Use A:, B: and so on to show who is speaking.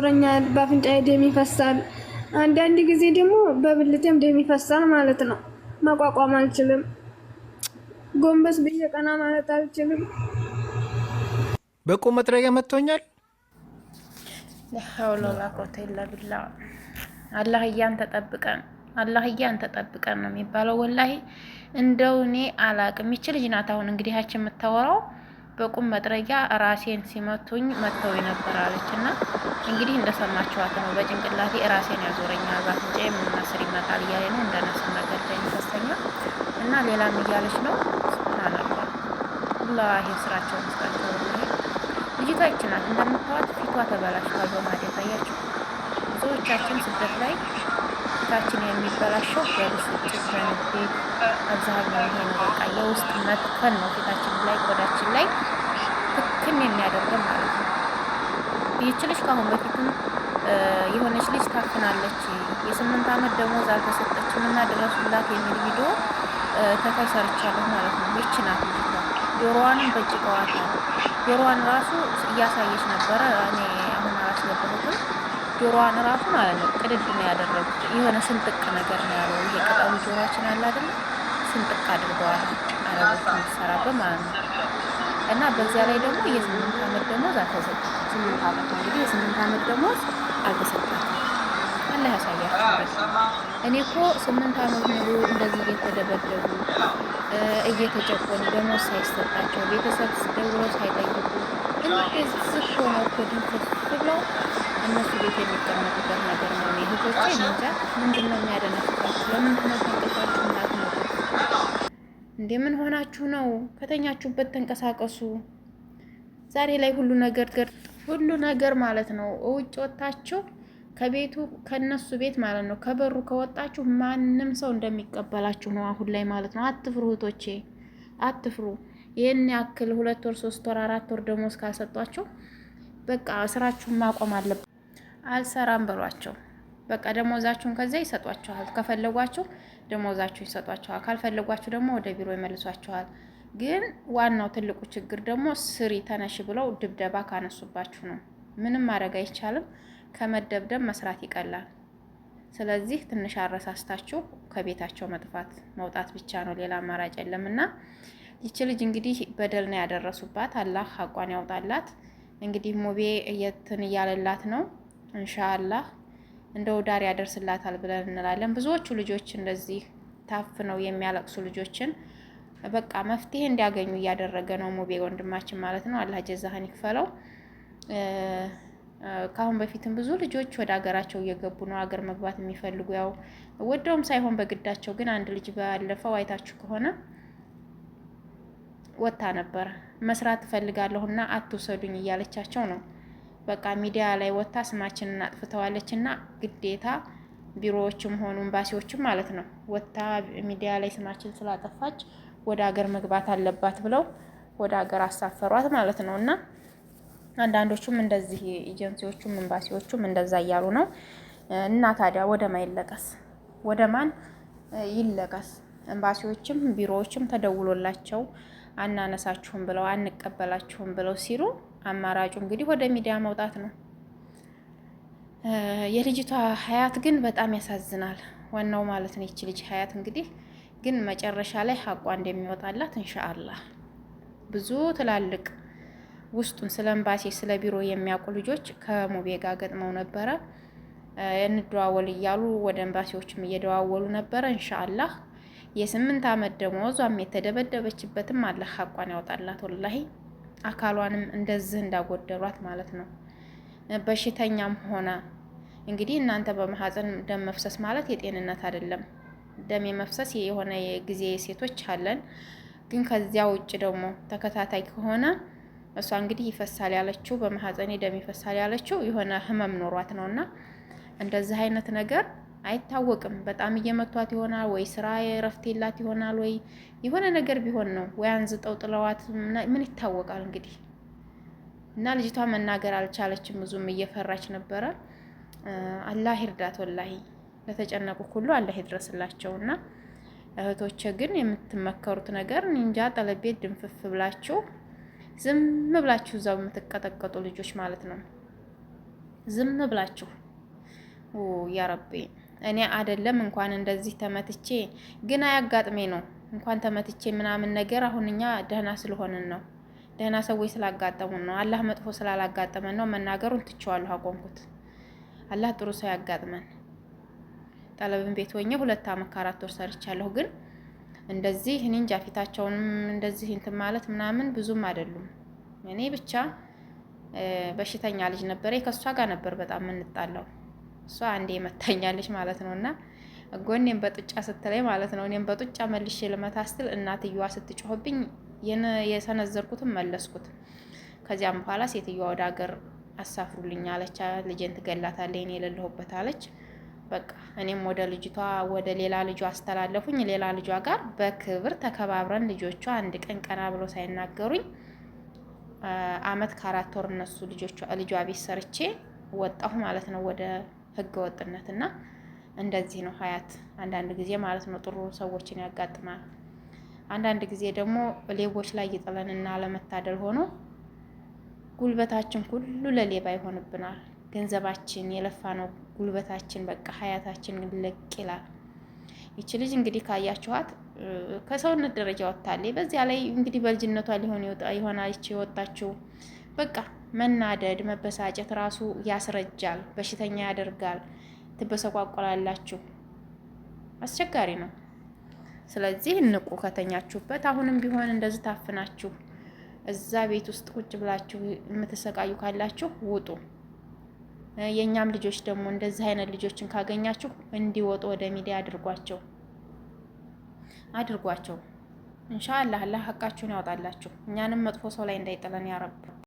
A: ይኖረኛል። በአፍንጫዬ ደም ይፈሳል። አንዳንድ ጊዜ ደግሞ በብልቴም ደም ይፈሳል ማለት ነው። መቋቋም አልችልም። ጎንበስ ብዬ ቀና ማለት አልችልም።
B: በቁም መጥረጊያ መጥቶኛል።
C: ለሐውሎላ ኮቴላ ብላ አላህ እያን ተጠብቀን አላህ እያን ተጠብቀን ነው የሚባለው። ወላሂ እንደው እኔ አላቅም። ይቺ ልጅ ናት አሁን እንግዲህ ያችን የምታወራው በቁም መጥረጊያ ራሴን ሲመቱኝ መጥተው የነበር አለች እና እንግዲህ እንደሰማችኋት ነው። በጭንቅላቴ ራሴን ያዞረኛል፣ ባፍንጫ የምናስር ይመጣል እያለ ነው እንደነሱ ነገር ላይ ተሰኛ እና ሌላም እያለች ነው። ስብናላላ ላሄ ስራቸውን ስራቸው ልጅቷ ይችናት እንደምታዋት ፊቷ ተበላሽቷል በማደት አያቸው ብዙዎቻችን ስደት ላይ ውስጣችን የሚበላሸው በብስጭት በንዴት፣ አብዛኛው ይሄ በቃ የውስጥ መክፈል ነው። ፊታችን ላይ ቆዳችን ላይ ትክን የሚያደርገን ማለት ነው። ይህች ልጅ ከአሁን በፊትም የሆነች ልጅ ታፍናለች፣ የስምንት ዓመት ደሞዝ አልተሰጠችም እና ድረሱላት የሚል ቪዲዮ ተታይ ሰርቻለሁ ማለት ነው። ይች ናት ልጅቷ። ጆሮዋንም በጭቀዋታል። ጆሮዋን ራሱ እያሳየች ነበረ እኔ ጆሮዋን እራሱ ማለት ነው ቅድድ ነው ያደረጉት። የሆነ ስንጥቅ ነገር ነው ያለው። ይሄ ቅጠሉ ጆሮችን አለ አይደለ? ስንጥቅ አድርገዋል አረቦች የሚሰራበት ማለት ነው። እና በዚያ ላይ ደግሞ የስምንት ዓመት ደሞዝ አልተሰጠ። ስምንት ዓመት እንግዲህ የስምንት ዓመት ደሞዝ አልተሰጣት። አላህ ያሳያቸው። እኔ እኮ ስምንት ዓመት ሙሉ እንደዚህ እየተደበደቡ እየተጨቆኑ ደሞዝ ሳይሰጣቸው ቤተሰብ ደውሎ ሳይጠይቁ እንደዚህ ሆነው እኮ ድንፍት ብለው እነሱ ቤት የሚቀመጡበት ነገር ነው። እህቶቼ እንጃ ምንድን ነው የሚያደነፍቃችሁ? ለምንድን ነው ተንቀሳችሁ እናትነቱ
D: እንደምን ሆናችሁ ነው? ከተኛችሁበት ተንቀሳቀሱ። ዛሬ ላይ ሁሉ ነገር ሁሉ ነገር ማለት ነው ውጭ ወጣችሁ ከቤቱ ከነሱ ቤት ማለት ነው ከበሩ ከወጣችሁ ማንም ሰው እንደሚቀበላችሁ ነው አሁን ላይ ማለት ነው። አትፍሩ እህቶቼ አትፍሩ። ይህን ያክል ሁለት ወር ሶስት ወር አራት ወር ደሞዝ ካልሰጧችሁ በቃ ስራችሁን ማቆም አለበት። አልሰራም በሏቸው። በቃ ደሞዛችሁን ከዚያ ይሰጧችኋል። ከፈለጓችሁ ደሞዛችሁ ይሰጧችኋል፣ ካልፈለጓችሁ ደግሞ ወደ ቢሮ ይመልሷችኋል። ግን ዋናው ትልቁ ችግር ደግሞ ስሪ ተነሽ ብለው ድብደባ ካነሱባችሁ ነው። ምንም ማድረግ አይቻልም። ከመደብደብ መስራት ይቀላል። ስለዚህ ትንሽ አረሳስታችሁ ከቤታቸው መጥፋት መውጣት ብቻ ነው፣ ሌላ አማራጭ የለም። እና ይቺ ልጅ እንግዲህ በደል ነው ያደረሱባት። አላህ አቋን ያውጣላት። እንግዲህ ሙቤ የትን እያለላት ነው እንሻአላህ እንደ ውዳር ያደርስላታል ብለን እንላለን። ብዙዎቹ ልጆች እንደዚህ ታፍነው የሚያለቅሱ ልጆችን በቃ መፍትሄ እንዲያገኙ እያደረገ ነው ሙቤ ወንድማችን ማለት ነው። አላህ ጀዛህን ይክፈለው። ከአሁን በፊትም ብዙ ልጆች ወደ ሀገራቸው እየገቡ ነው። ሀገር መግባት የሚፈልጉ ያው ወደውም ሳይሆን በግዳቸው። ግን አንድ ልጅ ባለፈው አይታችሁ ከሆነ ወጥታ ነበረ መስራት እፈልጋለሁና አትውሰዱኝ እያለቻቸው ነው በቃ ሚዲያ ላይ ወጥታ ስማችንን አጥፍተዋለች እና ግዴታ ቢሮዎችም ሆኑ ኤምባሲዎችም ማለት ነው ወጥታ ሚዲያ ላይ ስማችን ስላጠፋች ወደ ሀገር መግባት አለባት ብለው ወደ ሀገር አሳፈሯት ማለት ነው እና አንዳንዶቹም እንደዚህ ኤጀንሲዎቹም ኤምባሲዎቹም እንደዛ እያሉ ነው። እና ታዲያ ወደ ማን ይለቀስ? ወደ ማን ይለቀስ? ኤምባሲዎችም ቢሮዎችም ተደውሎላቸው አናነሳችሁም ብለው አንቀበላችሁም ብለው ሲሉ አማራጩ እንግዲህ ወደ ሚዲያ መውጣት ነው። የልጅቷ ሀያት ግን በጣም ያሳዝናል። ዋናው ማለት ነው ይቺ ልጅ ሀያት እንግዲህ ግን መጨረሻ ላይ ሀቋ እንደሚወጣላት እንሻአላህ ብዙ ትላልቅ ውስጡን ስለ ኤምባሲ ስለ ቢሮ የሚያውቁ ልጆች ከሙቤ ጋር ገጥመው ነበረ። እንደዋወል እያሉ ወደ ኤምባሲዎችም እየደዋወሉ ነበረ። እንሻአላህ የስምንት ዓመት ደመወዟም የተደበደበችበትም አለ ሀቋን ያወጣላት ወላሄ አካሏንም እንደዚህ እንዳጎደሏት ማለት ነው። በሽተኛም ሆነ እንግዲህ እናንተ በማህፀን ደም መፍሰስ ማለት የጤንነት አይደለም። ደም የመፍሰስ የሆነ ጊዜ ሴቶች አለን፣ ግን ከዚያ ውጭ ደግሞ ተከታታይ ከሆነ እሷ እንግዲህ ይፈሳል ያለችው በማህፀኔ ደም ይፈሳል ያለችው የሆነ ህመም ኖሯት ነው እና እንደዚህ አይነት ነገር አይታወቅም። በጣም እየመቷት ይሆናል ወይ ስራ የረፍቴላት የላት ይሆናል ወይ የሆነ ነገር ቢሆን ነው ወይ አንዝጠው ጥለዋት ምን ይታወቃል እንግዲህ። እና ልጅቷ መናገር አልቻለችም። ብዙም እየፈራች ነበረ። አላህ ይርዳት። ወላሂ ለተጨነቁ ሁሉ አላህ ይድረስላቸው። እና እህቶቼ ግን የምትመከሩት ነገር እንጃ ጠለቤት ድንፍፍ ብላችሁ ዝም ብላችሁ እዛው የምትቀጠቀጡ ልጆች ማለት ነው። ዝም ብላችሁ ያረቤ እኔ አደለም እንኳን እንደዚህ ተመትቼ ግን አያጋጥሜ ነው እንኳን ተመትቼ ምናምን ነገር አሁን እኛ ደህና ስለሆንን ነው ደህና ሰዎች ስላጋጠሙን ነው። አላህ መጥፎ ስላላጋጠመን ነው። መናገሩን ትቼዋለሁ፣ አቆምኩት። አላህ ጥሩ ሰው ያጋጥመን። ጠለብን ቤት ሆኜ ሁለት አመት ከአራት ወር ሰርቻለሁ። ግን እንደዚህ እኔ እንጃ ፊታቸውንም እንደዚህ እንትን ማለት ምናምን ብዙም አይደሉም። እኔ ብቻ በሽተኛ ልጅ ነበረ ከእሷ ጋር ነበር በጣም የምንጣላው። እሷ አንዴ መታኛለች ማለት ነው እና ጎኔም በጡጫ ስትለይ ማለት ነው እኔም በጡጫ መልሼ ልመታ ስትል እናትየዋ ስትጮህብኝ የሰነዘርኩትም መለስኩት። ከዚያም በኋላ ሴትዮዋ ወደ ሀገር አሳፍሩልኝ አለች። ልጄን ትገላታለች እኔ የሌለሁበት አለች። በቃ እኔም ወደ ልጅቷ ወደ ሌላ ልጇ አስተላለፉኝ። ሌላ ልጇ ጋር በክብር ተከባብረን ልጆቿ አንድ ቀን ቀና ብሎ ሳይናገሩኝ አመት ከአራት ወር እነሱ ልጇ ቤት ሰርቼ ወጣሁ ማለት ነው ወደ ህገወጥነት እና እንደዚህ ነው ሀያት አንዳንድ ጊዜ ማለት ነው ጥሩ ሰዎችን ያጋጥማል። አንዳንድ ጊዜ ደግሞ ሌቦች ላይ ይጥለንና ለመታደል ሆኖ ጉልበታችን ሁሉ ለሌባ ይሆንብናል። ገንዘባችን የለፋ ነው ጉልበታችን በቃ ሀያታችን ልቅ ይላል። ይቺ ልጅ እንግዲህ ካያችኋት ከሰውነት ደረጃ ወጥታለች። በዚያ ላይ እንግዲህ በልጅነቷ ሊሆን ይሆናል ይቺ የወጣችው በቃ መናደድ፣ መበሳጨት ራሱ ያስረጃል፣ በሽተኛ ያደርጋል። ትበሰቋቆላላችሁ፣ አስቸጋሪ ነው። ስለዚህ ንቁ ከተኛችሁበት። አሁንም ቢሆን እንደዚህ ታፍናችሁ እዛ ቤት ውስጥ ቁጭ ብላችሁ የምትሰቃዩ ካላችሁ ውጡ። የእኛም ልጆች ደግሞ እንደዚህ አይነት ልጆችን ካገኛችሁ እንዲወጡ ወደ ሚዲያ አድርጓቸው አድርጓቸው። እንሻአላህ አላህ ሀቃችሁን ያወጣላችሁ፣ እኛንም መጥፎ ሰው ላይ እንዳይጥለን ያረብ።